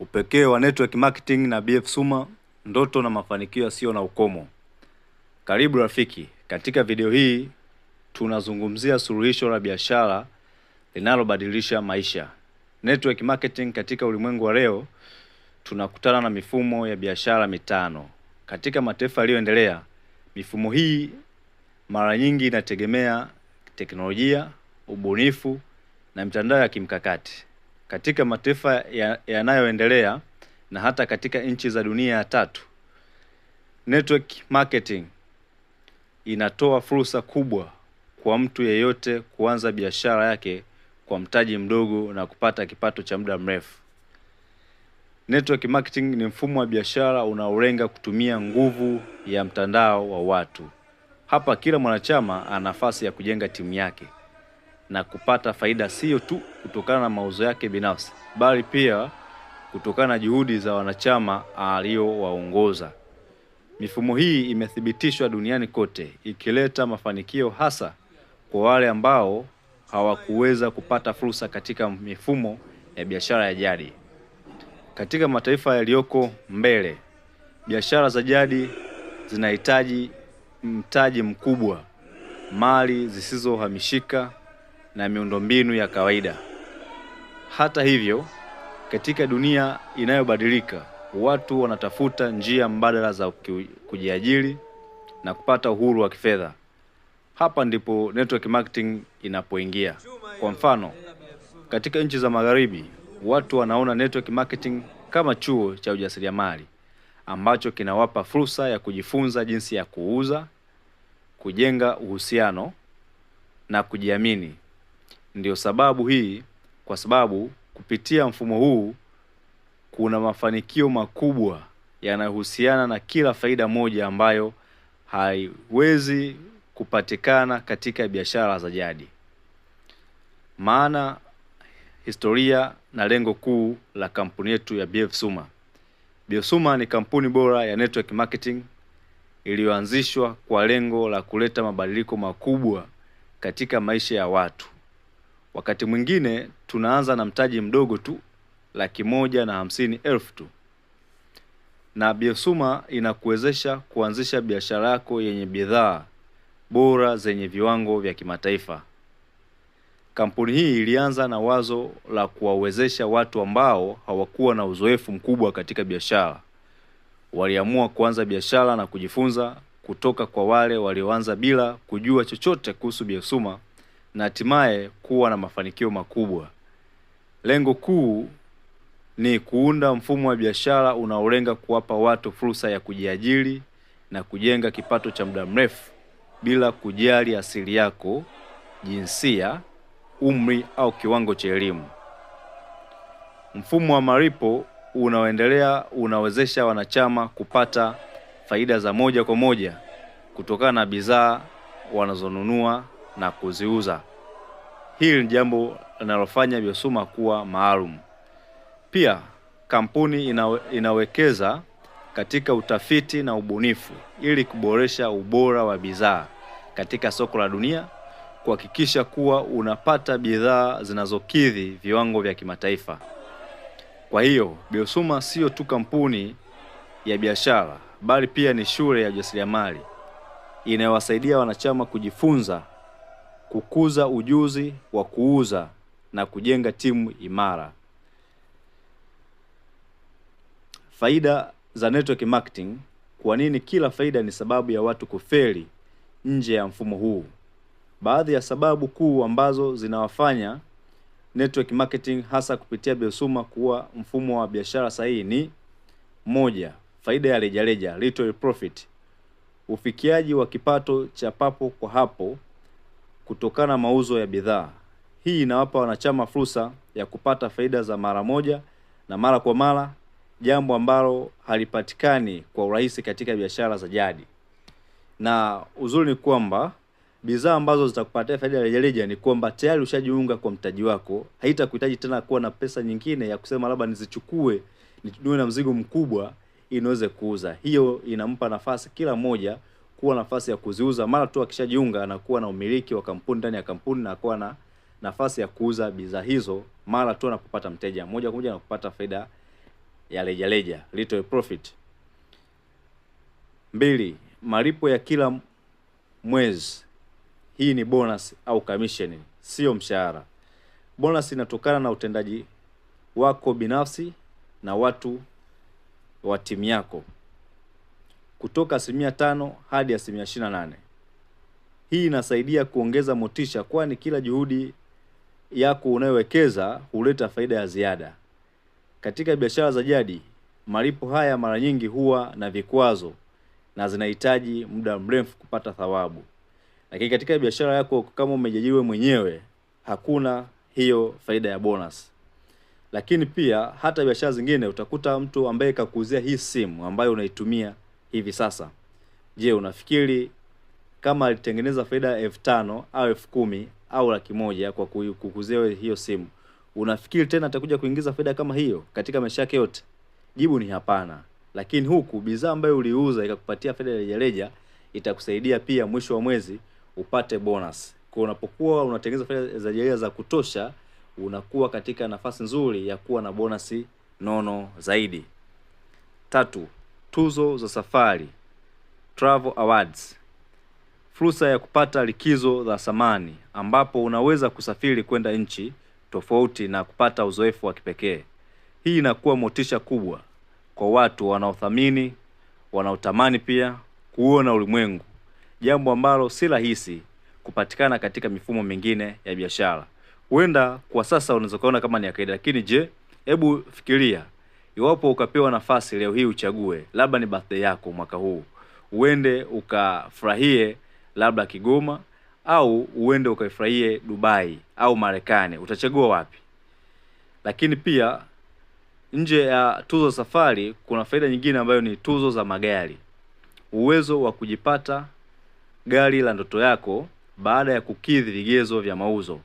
Upekee wa network marketing na BF Suma, ndoto na mafanikio yasiyo na ukomo. Karibu rafiki, katika video hii tunazungumzia suluhisho la biashara linalobadilisha maisha. Network marketing katika ulimwengu wa leo, tunakutana na mifumo ya biashara mitano. Katika mataifa yaliyoendelea, mifumo hii mara nyingi inategemea teknolojia, ubunifu na mitandao ya kimkakati katika mataifa yanayoendelea ya na hata katika nchi za dunia ya tatu, network marketing inatoa fursa kubwa kwa mtu yeyote kuanza biashara yake kwa mtaji mdogo na kupata kipato cha muda mrefu. Network marketing ni mfumo wa biashara unaolenga kutumia nguvu ya mtandao wa watu. Hapa kila mwanachama ana nafasi ya kujenga timu yake na kupata faida sio tu kutokana na mauzo yake binafsi, bali pia kutokana na juhudi za wanachama aliyowaongoza Mifumo hii imethibitishwa duniani kote, ikileta mafanikio hasa kwa wale ambao hawakuweza kupata fursa katika mifumo ya biashara ya jadi. Katika mataifa yaliyoko mbele, biashara za jadi zinahitaji mtaji mkubwa, mali zisizohamishika na miundombinu ya kawaida. Hata hivyo, katika dunia inayobadilika, watu wanatafuta njia mbadala za kujiajiri na kupata uhuru wa kifedha. Hapa ndipo network marketing inapoingia. Kwa mfano, katika nchi za magharibi, watu wanaona network marketing kama chuo cha ujasiriamali ambacho kinawapa fursa ya kujifunza jinsi ya kuuza, kujenga uhusiano na kujiamini. Ndio sababu hii, kwa sababu kupitia mfumo huu kuna mafanikio makubwa yanayohusiana na kila faida moja ambayo haiwezi kupatikana katika biashara za jadi. Maana, historia na lengo kuu la kampuni yetu ya BF Suma. BF Suma ni kampuni bora ya network marketing iliyoanzishwa kwa lengo la kuleta mabadiliko makubwa katika maisha ya watu. Wakati mwingine tunaanza na mtaji mdogo tu laki moja na hamsini elfu tu, na Biosuma inakuwezesha kuanzisha biashara yako yenye bidhaa bora zenye viwango vya kimataifa. Kampuni hii ilianza na wazo la kuwawezesha watu ambao hawakuwa na uzoefu mkubwa katika biashara. Waliamua kuanza biashara na kujifunza kutoka kwa wale walioanza bila kujua chochote kuhusu Biosuma na hatimaye kuwa na mafanikio makubwa. Lengo kuu ni kuunda mfumo wa biashara unaolenga kuwapa watu fursa ya kujiajiri na kujenga kipato cha muda mrefu bila kujali asili yako, jinsia, umri au kiwango cha elimu. Mfumo wa malipo unaoendelea unawezesha wanachama kupata faida za moja kwa moja kutokana na bidhaa wanazonunua na kuziuza. Hili ni jambo linalofanya Biosuma kuwa maalum. Pia kampuni inawe, inawekeza katika utafiti na ubunifu ili kuboresha ubora wa bidhaa katika soko la dunia, kuhakikisha kuwa unapata bidhaa zinazokidhi viwango vya kimataifa. Kwa hiyo Biosuma sio tu kampuni ya biashara, bali pia ni shule ya ujasiriamali inayowasaidia wanachama kujifunza kukuza ujuzi wa kuuza na kujenga timu imara. Faida za network marketing. Kwa nini kila faida ni sababu ya watu kufeli nje ya mfumo huu? Baadhi ya sababu kuu ambazo zinawafanya network marketing hasa kupitia Belsuma kuwa mfumo wa biashara sahihi ni moja, faida ya rejareja, little profit, ufikiaji wa kipato cha papo kwa hapo kutokana na mauzo ya bidhaa. Hii inawapa wanachama fursa ya kupata faida za mara moja na mara kwa mara, jambo ambalo halipatikani kwa urahisi katika biashara za jadi. Na uzuri ni kwamba bidhaa ambazo zitakupatia faida rejareja ni kwamba tayari ushajiunga kwa mtaji wako, haitakuhitaji tena kuwa na pesa nyingine ya kusema labda nizichukue niwe na mzigo mkubwa ili niweze kuuza. Hiyo inampa nafasi kila mmoja kuwa nafasi ya kuziuza mara tu akishajiunga, anakuwa na umiliki wa kampuni ndani ya kampuni na kuwa na nafasi ya kuuza bidhaa hizo mara tu anapopata mteja moja kwa moja na kupata faida ya rejareja, little profit. Mbili, malipo ya kila mwezi. Hii ni bonus au commission, sio mshahara. Bonus inatokana na utendaji wako binafsi na watu wa timu yako kutoka asilimia tano hadi asilimia ishirini na nane. Hii inasaidia kuongeza motisha, kwani kila juhudi yako unayowekeza huleta faida ya ziada. Katika biashara za jadi, malipo haya mara nyingi huwa na vikwazo na zinahitaji muda mrefu kupata thawabu, lakini katika biashara yako kama umejiajiriwa mwenyewe, hakuna hiyo faida ya bonus. Lakini pia hata biashara zingine utakuta mtu ambaye kakuuzia hii simu ambayo unaitumia hivi sasa. Je, unafikiri kama alitengeneza faida elfu tano au elfu kumi au laki moja kwa kukuzia hiyo simu, unafikiri tena atakuja kuingiza faida kama hiyo katika maisha yake yote? Jibu ni hapana. Lakini huku bidhaa ambayo uliuza ikakupatia faida rejareja itakusaidia pia mwisho wa mwezi upate bonus. Kwa unapokuwa unatengeneza faida za rejareja za kutosha, unakuwa katika nafasi nzuri ya kuwa na bonasi nono zaidi. Tatu, tuzo za safari travel awards, fursa ya kupata likizo za samani, ambapo unaweza kusafiri kwenda nchi tofauti na kupata uzoefu wa kipekee. Hii inakuwa motisha kubwa kwa watu wanaothamini, wanaotamani pia kuona ulimwengu, jambo ambalo si rahisi kupatikana katika mifumo mingine ya biashara. Huenda kwa sasa unaweza ukaona kama ni ya lakini je, hebu fikiria Iwapo ukapewa nafasi leo hii uchague, labda ni birthday yako mwaka huu, uende ukafurahie labda Kigoma au uende ukaifurahie Dubai au Marekani, utachagua wapi? Lakini pia nje ya tuzo safari, kuna faida nyingine ambayo ni tuzo za magari, uwezo wa kujipata gari la ndoto yako baada ya kukidhi vigezo vya mauzo.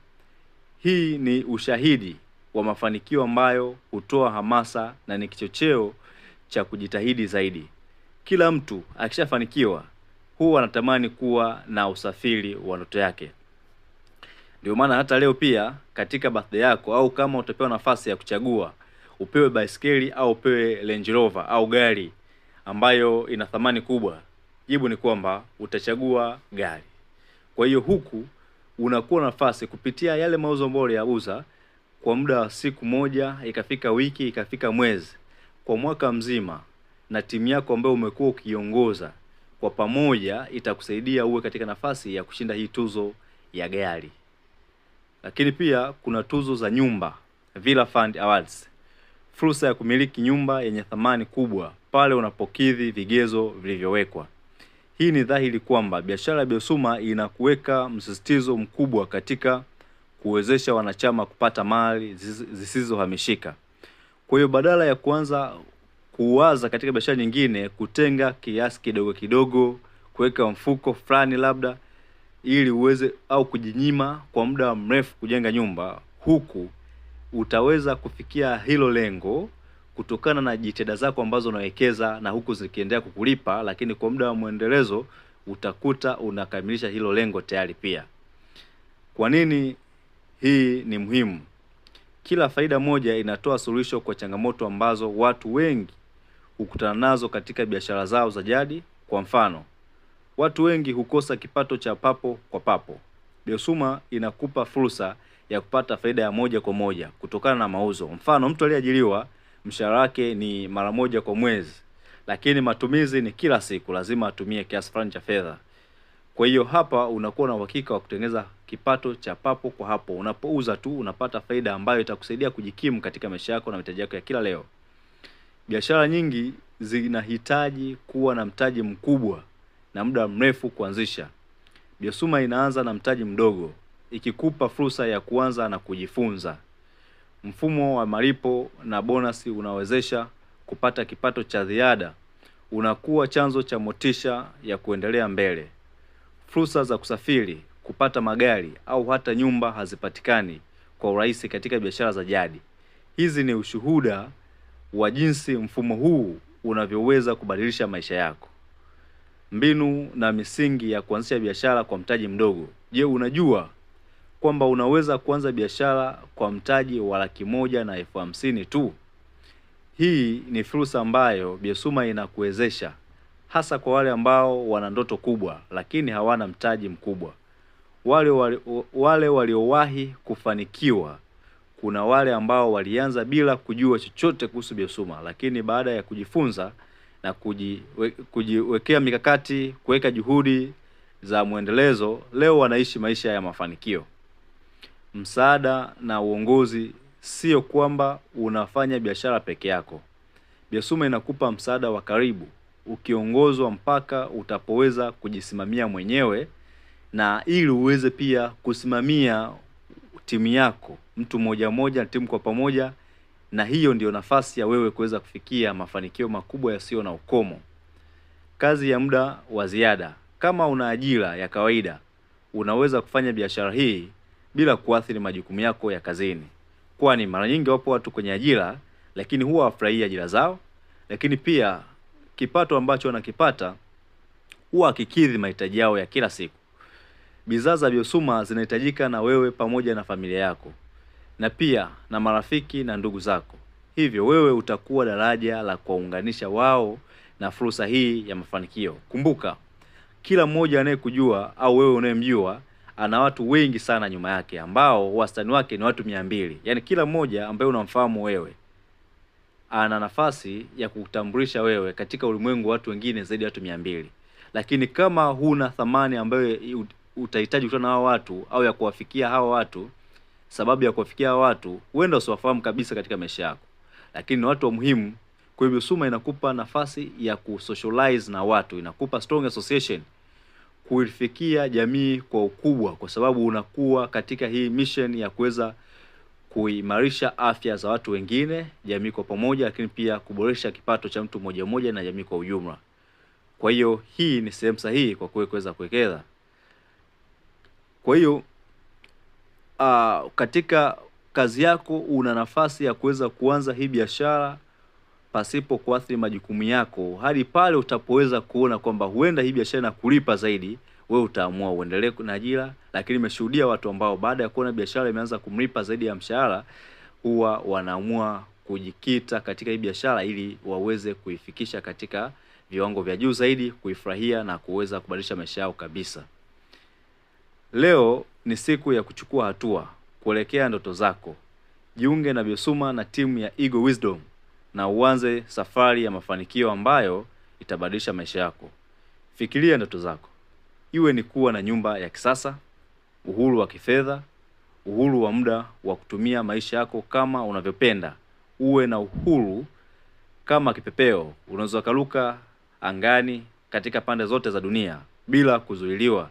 Hii ni ushahidi wa mafanikio ambayo hutoa hamasa na ni kichocheo cha kujitahidi zaidi. Kila mtu akishafanikiwa huwa anatamani kuwa na usafiri wa ndoto yake. Ndio maana hata leo pia katika birthday yako au kama utapewa nafasi ya kuchagua upewe baiskeli au upewe Range Rover au gari ambayo ina thamani kubwa, jibu ni kwamba utachagua gari. Kwa hiyo huku unakuwa na nafasi kupitia yale mauzo ambayo uliyauza kwa muda wa siku moja, ikafika wiki, ikafika mwezi, kwa mwaka mzima, na timu yako ambayo umekuwa ukiongoza kwa pamoja itakusaidia uwe katika nafasi ya kushinda hii tuzo ya gari. Lakini pia kuna tuzo za nyumba, Villa Fund Awards, fursa ya kumiliki nyumba yenye thamani kubwa pale unapokidhi vigezo vilivyowekwa. Hii ni dhahiri kwamba biashara ya Biosuma inakuweka msisitizo mkubwa katika kuwezesha wanachama kupata mali zisizohamishika. Kwa hiyo badala ya kuanza kuwaza katika biashara nyingine, kutenga kiasi kidogo kidogo, kuweka mfuko fulani labda ili uweze au kujinyima kwa muda mrefu kujenga nyumba, huku utaweza kufikia hilo lengo kutokana na jitihada zako ambazo unawekeza na huku zikiendelea kukulipa, lakini kwa muda wa mwendelezo utakuta unakamilisha hilo lengo tayari. Pia kwa nini hii ni muhimu. Kila faida moja inatoa suluhisho kwa changamoto ambazo watu wengi hukutana nazo katika biashara zao za jadi. Kwa mfano, watu wengi hukosa kipato cha papo kwa papo. Biosuma inakupa fursa ya kupata faida ya moja kwa moja kutokana na mauzo. Mfano, mtu aliyeajiriwa mshahara wake ni mara moja kwa mwezi, lakini matumizi ni kila siku, lazima atumie kiasi fulani cha fedha. Kwa hiyo hapa unakuwa na uhakika wa kutengeneza kipato cha papo kwa hapo. Unapouza tu unapata faida ambayo itakusaidia kujikimu katika maisha yako na mahitaji yako ya kila leo. Biashara nyingi zinahitaji kuwa na mtaji mkubwa na muda mrefu kuanzisha. biosuma inaanza na mtaji mdogo ikikupa fursa ya kuanza na kujifunza. Mfumo wa malipo na bonasi unawezesha kupata kipato cha ziada. Unakuwa chanzo cha motisha ya kuendelea mbele. Fursa za kusafiri, kupata magari au hata nyumba hazipatikani kwa urahisi katika biashara za jadi. Hizi ni ushuhuda wa jinsi mfumo huu unavyoweza kubadilisha maisha yako. Mbinu na misingi ya kuanzisha biashara kwa mtaji mdogo. Je, unajua kwamba unaweza kuanza biashara kwa mtaji wa laki moja na elfu hamsini tu? Hii ni fursa ambayo Biesuma inakuwezesha hasa kwa wale ambao wana ndoto kubwa lakini hawana mtaji mkubwa. Wale waliowahi wale, kufanikiwa kuna wale ambao walianza bila kujua chochote kuhusu Biosuma, lakini baada ya kujifunza na kujiwekea mikakati, kuweka juhudi za mwendelezo, leo wanaishi maisha ya mafanikio. Msaada na uongozi, sio kwamba unafanya biashara peke yako. Biosuma inakupa msaada wa karibu ukiongozwa mpaka utapoweza kujisimamia mwenyewe, na ili uweze pia kusimamia timu yako mtu mmoja mmoja na timu kwa pamoja, na hiyo ndiyo nafasi ya wewe kuweza kufikia mafanikio makubwa yasiyo na ukomo. Kazi ya muda wa ziada. Kama una ajira ya kawaida, unaweza kufanya biashara hii bila kuathiri majukumu yako ya kazini, kwani mara nyingi wapo watu kwenye ajira lakini huwa wafurahia ajira zao, lakini pia kipato ambacho wanakipata huwa akikidhi mahitaji yao ya kila siku. Bidhaa za Biosuma zinahitajika na wewe pamoja na familia yako na pia na marafiki na ndugu zako, hivyo wewe utakuwa daraja la kuwaunganisha wao na fursa hii ya mafanikio. Kumbuka, kila mmoja anayekujua au wewe unayemjua ana watu wengi sana nyuma yake ambao wastani wake ni watu mia mbili, yaani kila mmoja ambaye unamfahamu wewe ana nafasi ya kutambulisha wewe katika ulimwengu watu wengine zaidi ya watu mia mbili, lakini kama huna thamani ambayo utahitaji kutana na watu au ya kuwafikia hao watu, sababu ya kuwafikia hao watu huenda usiwafahamu kabisa katika maisha yako, lakini ni watu wa muhimu. Kwa hivyo SUMA inakupa nafasi ya kusocialize na watu, inakupa strong association kuifikia jamii kwa ukubwa, kwa sababu unakuwa katika hii mission ya kuweza kuimarisha afya za watu wengine, jamii kwa pamoja, lakini pia kuboresha kipato cha mtu mmoja mmoja na jamii kwa ujumla. Kwa hiyo hii ni sehemu sahihi kwa kuweza kuwekeza. Kwa hiyo uh, katika kazi yako una nafasi ya kuweza kuanza hii biashara pasipo kuathiri majukumu yako hadi pale utapoweza kuona kwamba huenda hii biashara inakulipa zaidi wewe utaamua uendelee na ajira, lakini nimeshuhudia watu ambao baada ya kuona biashara imeanza kumlipa zaidi ya mshahara huwa wanaamua kujikita katika hii biashara ili waweze kuifikisha katika viwango vya juu zaidi, kuifurahia na kuweza kubadilisha maisha yao kabisa. Leo ni siku ya kuchukua hatua kuelekea ndoto zako. Jiunge na Biosuma na timu ya Eagle Wisdom na uanze safari ya mafanikio ambayo itabadilisha maisha yako. Fikiria ndoto zako iwe ni kuwa na nyumba ya kisasa, uhuru wa kifedha, uhuru wa muda wa kutumia maisha yako kama unavyopenda. Uwe na uhuru kama kipepeo, unaweza kaluka angani katika pande zote za dunia bila kuzuiliwa,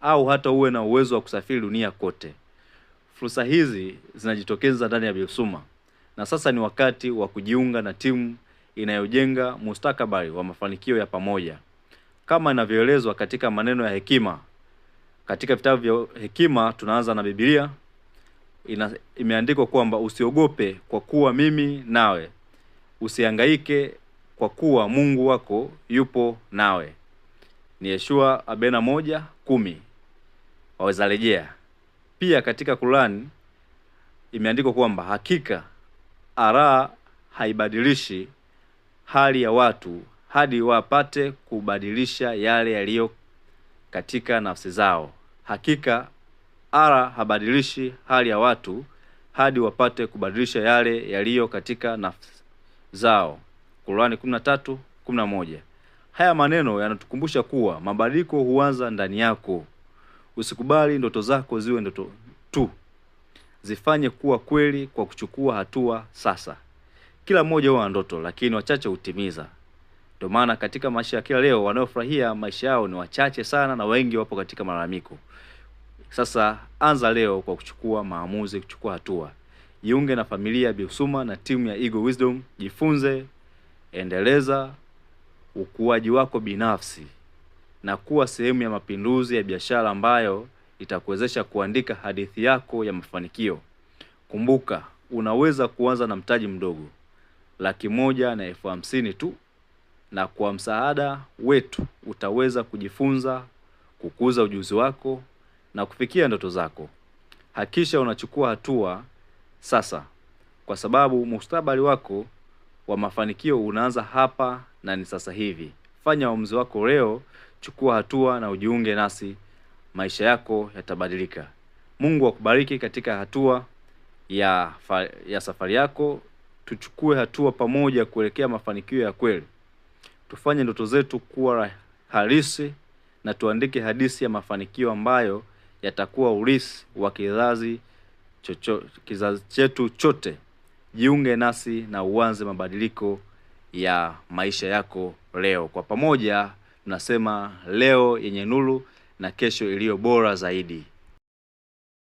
au hata uwe na uwezo wa kusafiri dunia kote. Fursa hizi zinajitokeza ndani ya Bilsuma, na sasa ni wakati wa kujiunga na timu inayojenga mustakabali wa mafanikio ya pamoja kama inavyoelezwa katika maneno ya hekima. Katika vitabu vya hekima tunaanza na Biblia ina, imeandikwa kwamba usiogope kwa kuwa mimi nawe, usihangaike kwa kuwa Mungu wako yupo nawe. Ni Yeshua arobaini moja kumi waweza rejea. Pia katika Kurani imeandikwa kwamba hakika ara haibadilishi hali ya watu hadi wapate kubadilisha yale yaliyo katika nafsi zao. Hakika Ara habadilishi hali ya watu hadi wapate kubadilisha yale yaliyo katika nafsi zao. Qurani 13:11. Haya maneno yanatukumbusha kuwa mabadiliko huanza ndani yako. Usikubali ndoto zako ziwe ndoto tu, zifanye kuwa kweli kwa kuchukua hatua sasa. Kila mmoja huwa na ndoto, lakini wachache hutimiza. Ndio maana katika maisha ya kila leo wanaofurahia maisha yao ni wachache sana, na wengi wapo katika malalamiko. Sasa anza leo kwa kuchukua maamuzi, kuchukua hatua. Jiunge na familia Bihusuma na timu ya Eagle Wisdom. Jifunze, endeleza ukuaji wako binafsi na kuwa sehemu ya mapinduzi ya biashara ambayo itakuwezesha kuandika hadithi yako ya mafanikio. Kumbuka, unaweza kuanza na mtaji mdogo, laki moja na elfu hamsini tu na kwa msaada wetu utaweza kujifunza, kukuza ujuzi wako na kufikia ndoto zako. Hakisha unachukua hatua sasa, kwa sababu mustakabali wako wa mafanikio unaanza hapa na ni sasa hivi. Fanya uamuzi wako leo, chukua hatua na ujiunge nasi. Maisha yako yatabadilika. Mungu akubariki katika hatua ya, ya safari yako. Tuchukue hatua pamoja kuelekea mafanikio ya kweli tufanye ndoto zetu kuwa halisi na tuandike hadithi ya mafanikio ambayo yatakuwa urithi wa kizazi chocho, kizazi chetu chote. Jiunge nasi na uanze mabadiliko ya maisha yako leo. Kwa pamoja tunasema leo yenye nuru na kesho iliyo bora zaidi.